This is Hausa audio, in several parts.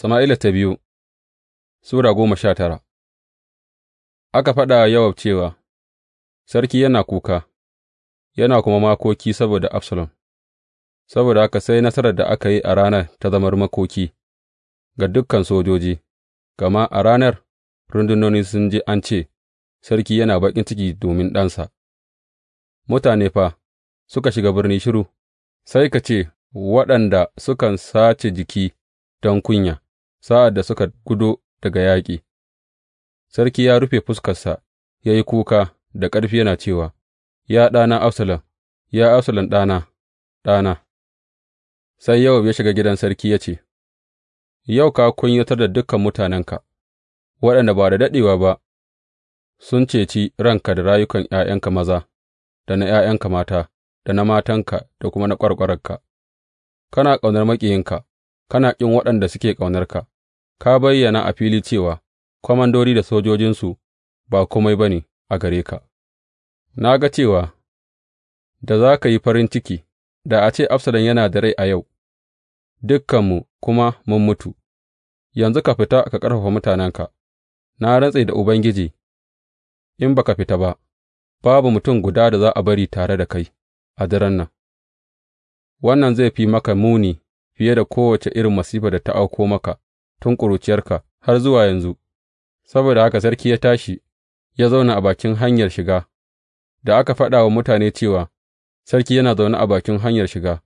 Sama'ila ta biyu Sura goma sha tara Aka faɗa yawab cewa, Sarki yana kuka, yana kuma makoki saboda Absalom, saboda haka sai nasarar da aka yi a ranar ta zamar makoki ga dukkan sojoji, gama a ranar rundunoni sun ji an ce, Sarki yana baƙin ciki domin ɗansa, mutane fa suka shiga birni shiru, sai ka ce waɗanda sukan sace jiki don kunya. Sa'ad da suka gudo daga yaƙi, sarki ya rufe fuskarsa ya yi kuka da ƙarfi yana cewa, Ya ɗana Absalom, ya Absalom ɗana, ɗana! Sai Yowab ya shiga gidan sarki ya ce, Yau ka kunyatar da dukan mutanenka, waɗanda ba da daɗewa ba sun ceci ranka da rayukan ’ya'yanka maza, da na ’ya'yanka mata, da na matanka, da kuma na ƙwarƙwaranka. Kana ƙaunar maƙiyinka, kana ƙin waɗanda suke ƙaunarka. ka bayyana a fili cewa kwamandori da sojojinsu ba kome ba ne a gare ka, na ga cewa da za ka yi farin ciki da a ce Absalom yana da rai a yau, dukanmu kuma mun mutu, yanzu ka fita ka ƙarfafa mutanenka, na rantse da Ubangiji, in ba ka fita ba, babu mutum guda da za a bari tare da kai a daren nan, wannan zai fi maka muni fiye da kowace irin masifa da ta auko maka tun ƙuruciyarka har zuwa yanzu, saboda haka sarki ya tashi ya zauna a bakin hanyar shiga, da aka faɗa wa mutane cewa sarki yana zaune a bakin hanyar shiga,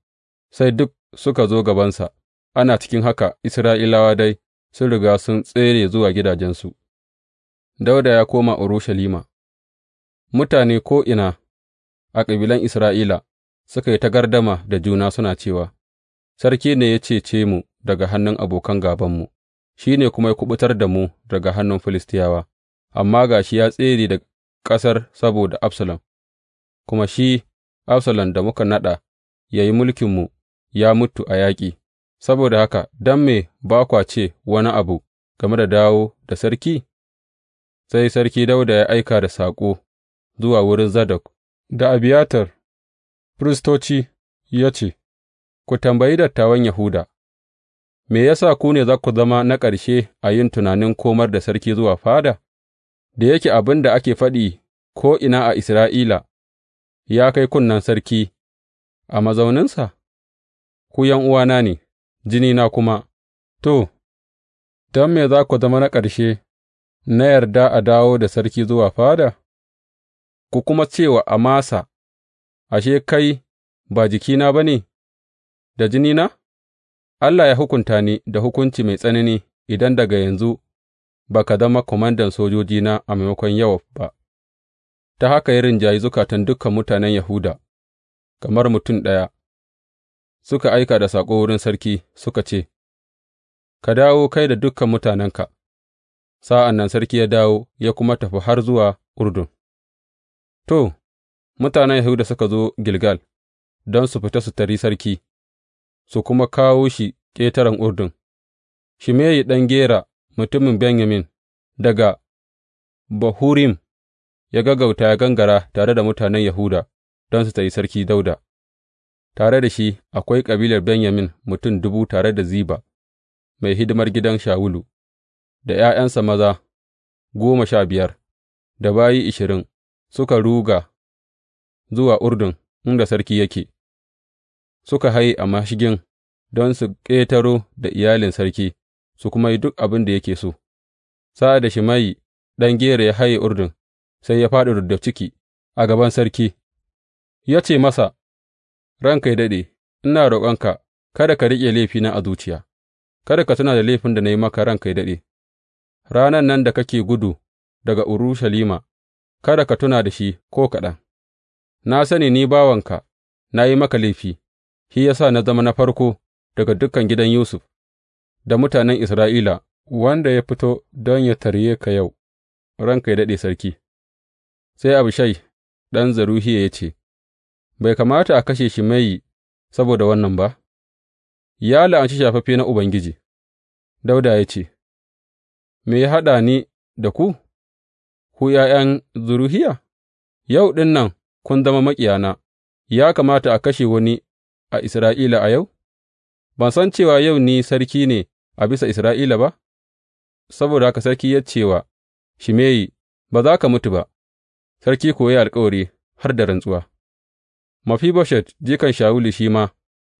sai duk suka zo gabansa, ana cikin haka Isra'ilawa dai sun riga sun tsere zuwa gidajensu. Dauda ya koma Urushalima Mutane ko'ina a kabilan Isra'ila suka yi ta da juna suna cewa, Sarki ne ya cece mu daga hannun abokan gābanmu. shi ne kuma ya kuɓutar da mu daga hannun Filistiyawa, amma ga shi ya tsere da ƙasar saboda Absalom, kuma shi Absalom da muka naɗa ya yi mulkinmu ya mutu a yaƙi, saboda haka don me ba kwa ce wani abu game da dawo da sarki? Sai Sarki Dauda ya aika da saƙo zuwa wurin Zadok da Abiyatar, firistoci, ya ce, Ku tambayi dattawan Yahuda. Me ya sa ku ne za ku zama na ƙarshe a yin tunanin komar da sarki zuwa fada, da yake abin da ake faɗi ko'ina a Isra'ila ya kai kunnen sarki a mazauninsa? Ku uwana ne, jinina kuma, to, don me za ku zama na ƙarshe na yarda a dawo da sarki zuwa fada? Ku kuma cewa wa Amasa, Ashe, kai ba jikina ba ne, da jinina? Allah ya hukunta ni da hukunci mai tsanani idan daga yanzu ba ka zama komandan sojojina a maimakon Yowab ba, ta haka ya rinjayi zukatan dukan mutanen Yahuda, kamar mutum ɗaya, suka aika da saƙo wurin sarki suka ce, Ka dawo kai da dukan mutanenka, sa'an nan sarki ya dawo ya kuma tafi har zuwa Urdun. To, mutanen Yahuda suka zo Gilgal don su fita su tari sarki. su kuma kawo shi ƙetaren Urdun, Shimeyi ɗan Gera mutumin Benyamin daga Bahurim ya gaggauta ya gangara tare da mutanen Yahuda don su tafi sarki Dauda. tare da shi akwai kabilar Benyamin mutum dubu tare da Ziba, mai hidimar gidan Shawulu, da ’ya'yansa maza goma sha biyar, da bayi ashirin suka ruga zuwa Urdun inda sarki yake. suka haye a mashigin don su ƙetaro da iyalin sarki su kuma yi duk abin da yake so, sa'ad da Shimeyi ɗan Gera ya haye Urdun, sai ya fāɗi rubda ciki a gaban sarki, ya ce masa, Ranka yă daɗe, ina roƙonka, kada ka riƙe laifina a zuciya, kada ka tuna da laifin da na yi maka ranka yă daɗe, ranan nan da kake gudu daga Urushalima, kada ka tuna da shi ko kaɗan, na sani ni bawanka, na yi maka laifi. shi ya sa na zama na farko daga dukan gidan Yusuf da mutanen Isra'ila, wanda ya fito don ya tarye ka yau, ranka ya daɗe sarki. Sai Abishai ɗan Zaruhiya ya ce, Bai kamata a kashe shi mai saboda wannan ba? Ya la'anci shafaffe na Ubangiji, Dauda ya ce, Me ya haɗa ni da ku, ku ’ya'yan Zuruhiya? Yau ɗin nan kun zama maƙiyana, ya kamata a kashe wani a Isra'ila a yau? Ban san cewa yau ni sarki ne a bisa Isra'ila ba? Saboda haka sarki ya ce wa Shimeyi, Ba za ka mutu ba, sarki kuwa ya alkawari har da rantsuwa. Mafi Mefiboshet, jikan Shawulu shi ma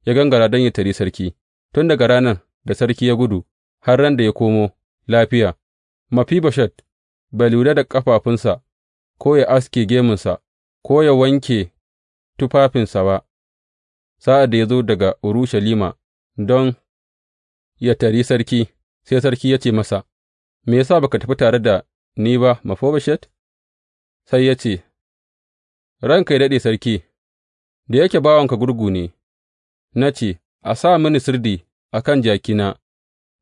ya gangara don ya tari sarki, tun daga ranar da sarki ya gudu har ran da ya komo lafiya, Mafi Mefiboshet bai lura da ƙafafunsa, ko ya aske gemunsa, ko ya wanke tufafinsa ba, sa'ad da ya zo daga Urushalima don yă tari sarki, sai sarki ya ce masa, Me ya sa ba ka tafi tare da ni ba, Mafobashet? Sai ya ce, Ranka yă daɗe sarki, da yake bawanka gurgu ne, na ce, A sa mini sirdi a kan jakina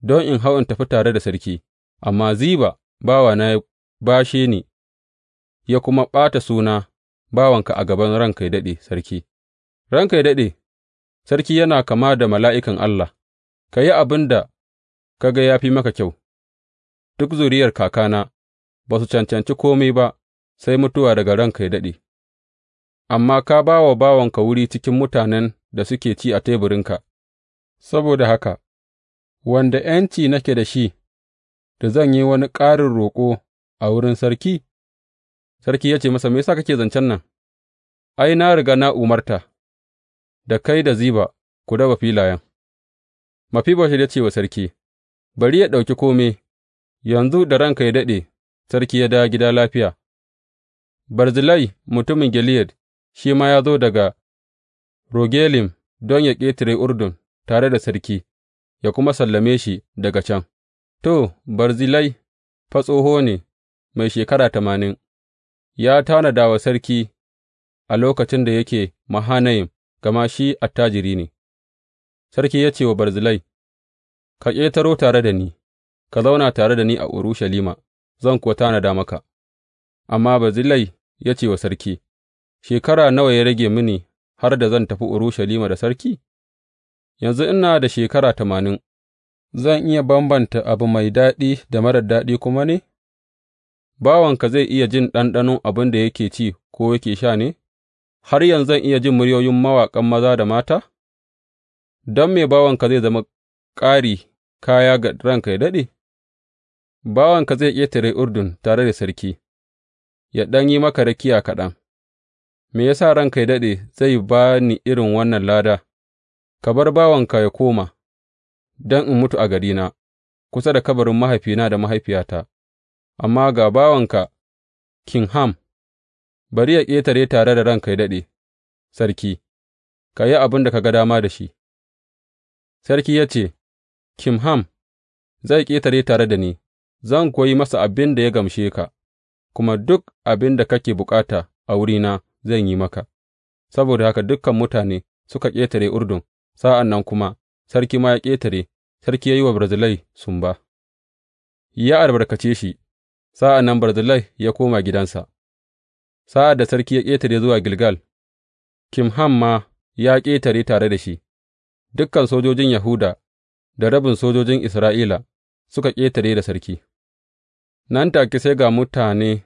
don in hau in tafi tare da sarki, amma Ziba bawana ya bashe ni, ya kuma ɓata suna bawanka a gaban ranka yă daɗe sarki, ranka yă daɗe, sarki yana kama da mala'ikan Allah, ka yi abin da ka ga ya fi maka kyau, duk zuriyar kakana ba su cancanci kome ba sai mutuwa daga ranka ya daɗe, amma ka ba wa bawanka wuri cikin mutanen da suke ci a teburinka, saboda haka, wanda ’yanci nake da shi, da zan yi wani ƙarin roƙo a wurin sarki? Sarki ya ce masa, Me yasa kake zancen nan? Ai, na riga na umarta. da kai da Ziba ku raba filayen. Mefiboshet ya ce wa sarki, Bari ya ɗauki kome, yanzu da ranka ya daɗe, sarki ya dawo gida lafiya. Barzilai mutumin Gileyad shi ma ya zo daga Rogelim don ya ƙetare Urdun tare da sarki, ya kuma sallame shi daga can. To, Barzilai fa tsoho ne, mai shekara tamanin, ya tanada wa sarki a lokacin da yake Mahanayim gama shi attajiri ne. Sarki ya ce wa Barzilai, Ka ƙetaro tare da ni, ka zauna tare da ni a Urushalima, zan kuwa tanada maka. Amma Barzilai ya ce wa sarki, Shekara nawa ya rage mini har da zan tafi Urushalima da sarki? Yanzu ina da shekara tamanin, zan iya bambanta abu mai daɗi da marar daɗi kuma ne? Bawanka zai iya jin ɗanɗanon abin da yake ci ko yake sha ne? har yanzu zan iya jin muryoyin mawaƙan maza da mata? Don me bawanka zai zama ƙari kaya ga ranka yă daɗe? Bawanka zai ƙetare Urdun tare da sarki, ya ɗan yi maka rakiya kaɗan, me ya sa ranka yă daɗe zai ba ni irin wannan lada, ka bar bawanka ya koma, don in mutu a garina, kusa da kabarin mahaifina da mahaifiyata, amma ga bawanka ham? bari yă ƙetare tare da ranka yă daɗe, sarki, ka yi abin da ka ga dama da shi. Sarki ya ce, Kimham zai ƙetare tare da ni, zan kuwa yi masa abin da ya gamshe ka, kuma duk abin da kake bukata a wurina zan yi maka. Saboda haka dukkan mutane suka ƙetare Urdun, sa'an nan kuma sarki ma ya ƙetare, sarki ya yi wa Barzilai sumba. Ya albarkace shi, sa'an nan Barzilai ya koma gidansa. Sa'ad da sarki ya ƙetare zuwa Gilgal, Kimham ma ya ƙetare tare da shi, dukan sojojin Yahuda da rabin sojojin Isra'ila suka ƙetare da sarki. Nan take sai ga mutane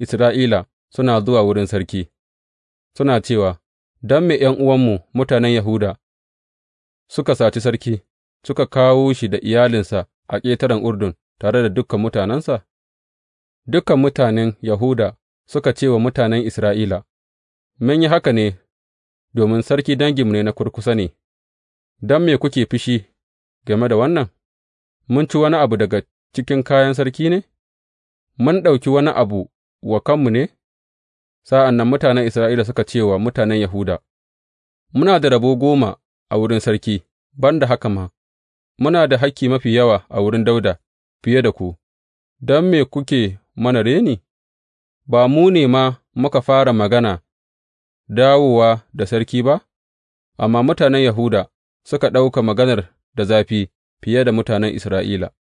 Isra'ila suna zuwa wurin sarki, suna cewa, Don me uwanmu mutanen Yahuda suka saci sarki, suka kawo shi da iyalinsa a ƙetaren Urdun tare da dukan mutanensa? Dukan mutanen Yahuda suka ce wa mutanen Isra'ila, Mun yi haka ne domin sarki danginmu ne na kurkusa ne, don me kuke fushi game da wannan? Mun ci wani abu daga cikin kayan sarki ne? Mun ɗauki wani abu wa kanmu ne? Sa'an nan mutanen Isra'ila suka ce wa mutanen Yahuda, Muna da rabo goma a wurin sarki, ban da haka ma, muna da hakki mafi yawa a wurin Dauda fiye da ku, don me kuke mana reni? ba mu ne ma muka fara magana dawowa da sarki ba, amma mutanen Yahuda suka ɗauka maganar da zafi fiye da mutanen Isra'ila.